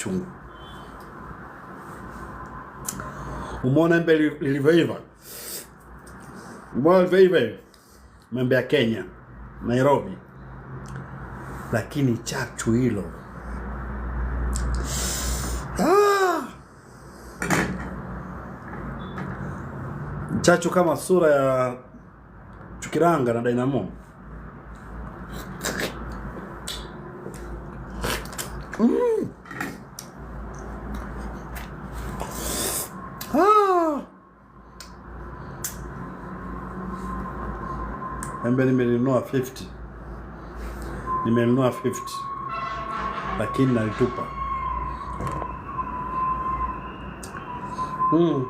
chungu. Umeona embe lilivyoiva, umeona lilivyoiva maembe ya Kenya, Nairobi. Lakini chachu hilo ah! chachu kama sura ya Chukiranga na Dynamo. Niambia nimelinunua 50. Nimenunua 50. Lakini nalitupa. Mm.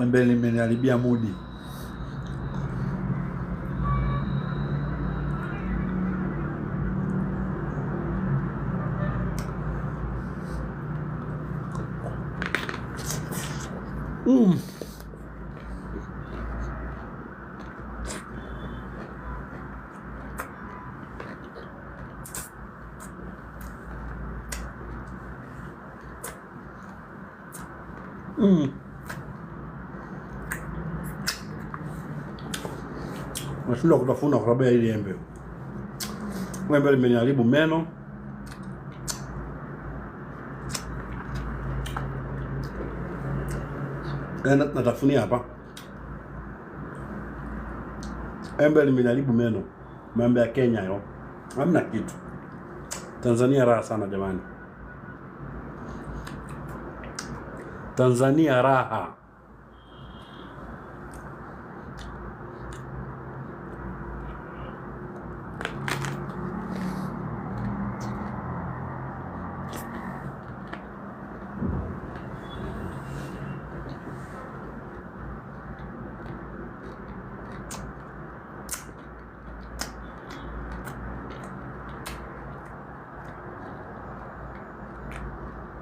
Mbele nimeniharibia mudi. Então. Hum. Mm. Nashindwa kutafuna kwa sababu ya ile embe. Embe limeniharibu meno. Eh, natafunia hapa embe limeniharibu meno, maembe ya Kenya yo, hamna kitu. Tanzania raha sana jamani, Tanzania raha.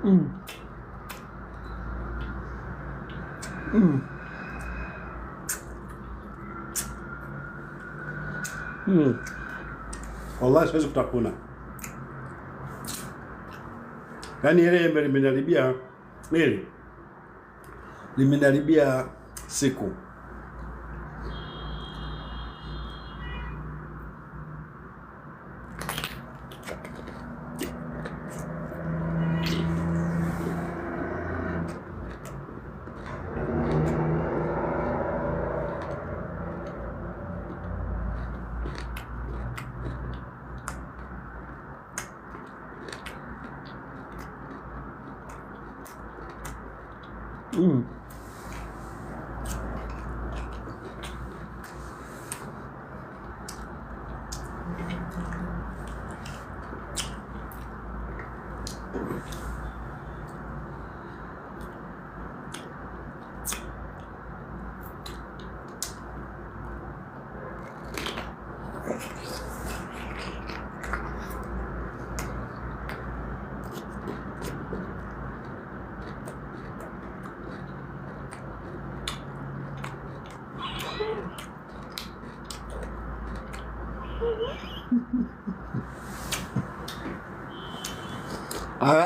Mm. Mm. Mm. Wallahi siwezi kutakuna, yaani ile embe limenaribia, ili limenaribia siku 嗯。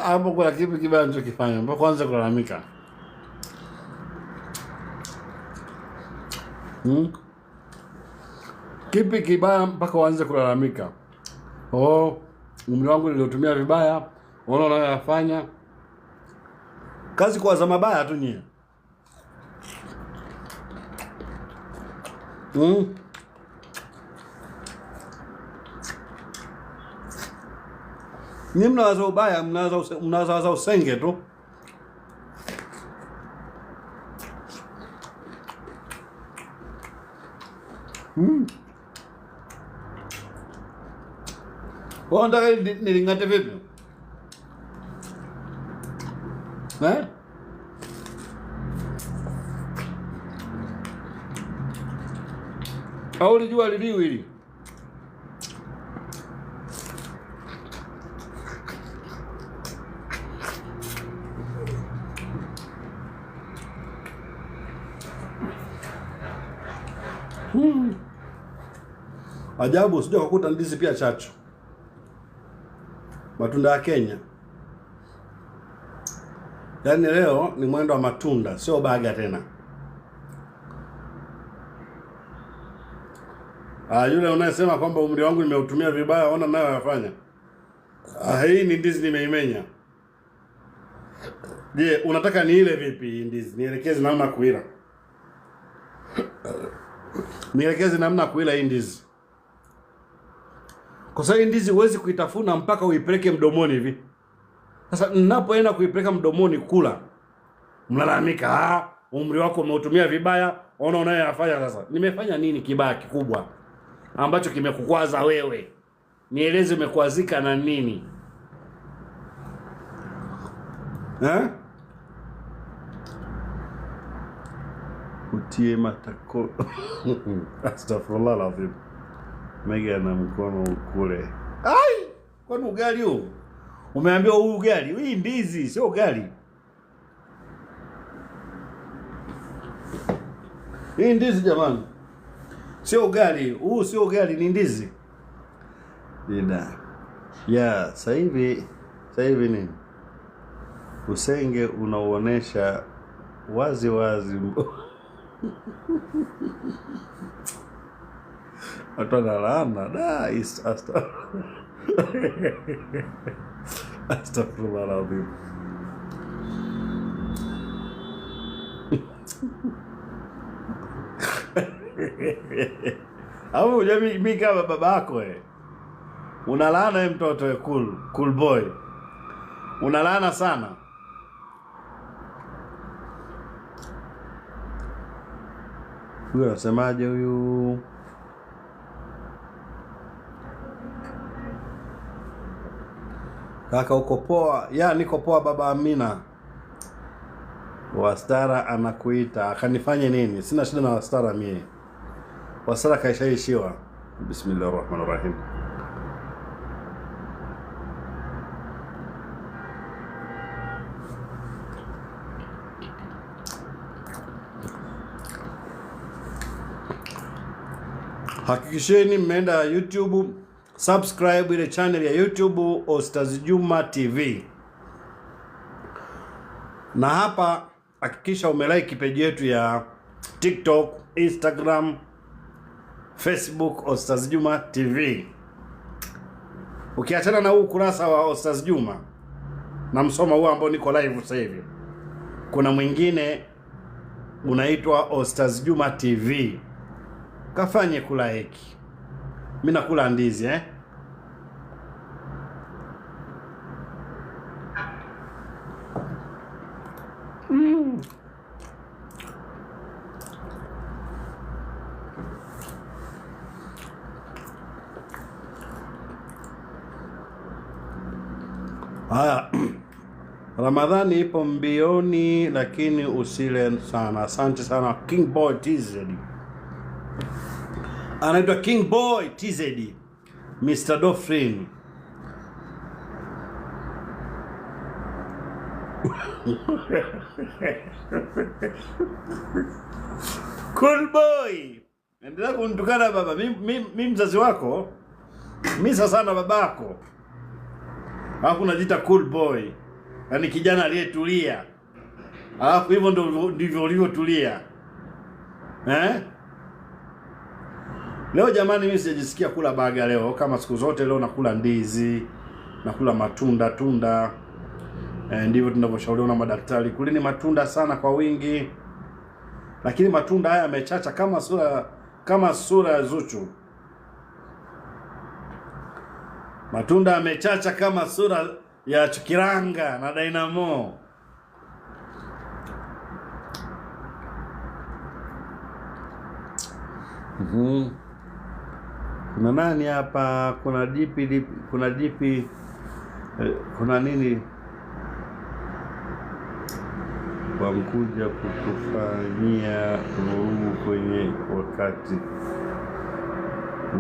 hapo kuna kipi kibaya nichokifanya mpaka kwanza kulalamika. Hmm? Kipi kibaya mpaka uanze kulalamika? Oh, umri wangu niliotumia vibaya, unaona unayoyafanya kazi kwa mabaya tu nyie. Hmm? Nyinyi mnawaza ubaya, mnawaza usenge tu. Hmm. Wanataka nilingate vipi? Eh? Au lijua liliwili Ajabu usije kukuta ndizi pia chachu, matunda ya Kenya. Yaani leo ni mwendo wa matunda, sio baga tena. Ah, yule unayesema kwamba umri wangu nimeutumia vibaya, ona nayo yafanya. Ah, hii ni ndizi nimeimenya. Je, unataka niile vipi ndizi? Nielekeze namna kuila. Nielekeze namna kuila hii ndizi. Kwa sababu ndizi huwezi kuitafuna mpaka uipeleke mdomoni hivi. Sasa ninapoenda kuipeleka mdomoni kula, mlalamika, ah, umri wako umeutumia vibaya, ona unayoyafanya sasa. Nimefanya nini kibaya kikubwa ambacho kimekukwaza wewe? Nieleze umekwazika na nini? Eh? Utie matako. Astaghfirullah alazim. Mega na mkono kule. Ai! Kwani ugali huu? Umeambiwa huu ugali, hii ndizi sio ugali. Hii ndizi jamani. Sio ugali, huu sio ugali, ni ndizi. Dida. Ya, sasa hivi sasa hivi nini? Usenge unauonesha wazi wazi watu wanalaana da astaghfirullahalazim au jamii mi kama babako eh unalaana we mtoto we cool cool boy unalaana sana huyu anasemaje huyu Kaka uko poa? Ya, niko poa baba Amina. Wastara anakuita. Akanifanye nini? Sina shida na Wastara mie. Wastara kaishaishiwa. Bismillahir Rahmanir Rahim. Hakikisheni mmeenda YouTube subscribe ile channel ya YouTube Ostaz Juma TV, na hapa hakikisha umelike page yetu ya TikTok, Instagram, Facebook Ostaz Juma TV. Ukiachana na huu kurasa wa Ostaz Juma na msoma huu ambao niko live sasa hivi, kuna mwingine unaitwa Ostaz Juma TV, kafanye kulaiki mimi nakula ndizi eh? Mm. Haya. Ramadhani ipo mbioni lakini usile sana. Asante sana King Boy TZ anaitwa King Boy TZ Mr. Dofrin Cool boy, endelea kunitukana baba. Mi mzazi wako misa sana babako, alafu unajiita cool boy, yaani kijana aliyetulia, alafu hivyo ndivyo ulivyotulia eh? Leo jamani, mimi sijajisikia kula baga leo kama siku zote. Leo nakula ndizi, nakula matunda tunda. E, ndivyo tunavyoshauriwa na madaktari, kulini matunda sana kwa wingi, lakini matunda haya yamechacha kama sura kama sura ya Zuchu. Matunda yamechacha kama sura ya Chukiranga na Dynamo. Mm-hmm kuna nani hapa, kuna jipi kuna dipi eh, kuna nini wamkuja kutufanyia vurugu kwenye wakati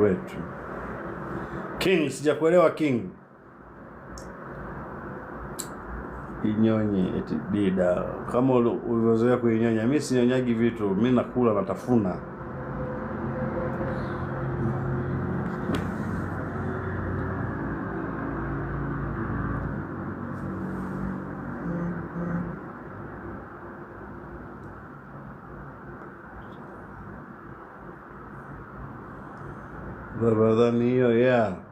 wetu. King, sijakuelewa King. Inyonye eti dida, kama ulivyozoea kuinyonya. Mi sinyonyagi vitu, mi nakula natafuna. La verdad mío, ya.